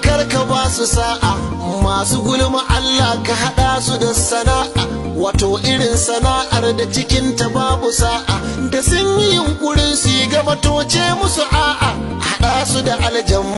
karka ba su sa'a masu gulma Allah ka haɗa su da sana'a wato irin sana'ar da cikin ta babu sa'a da sun yi yunkurin su gaba toce musu a'a haɗa su da aljamu.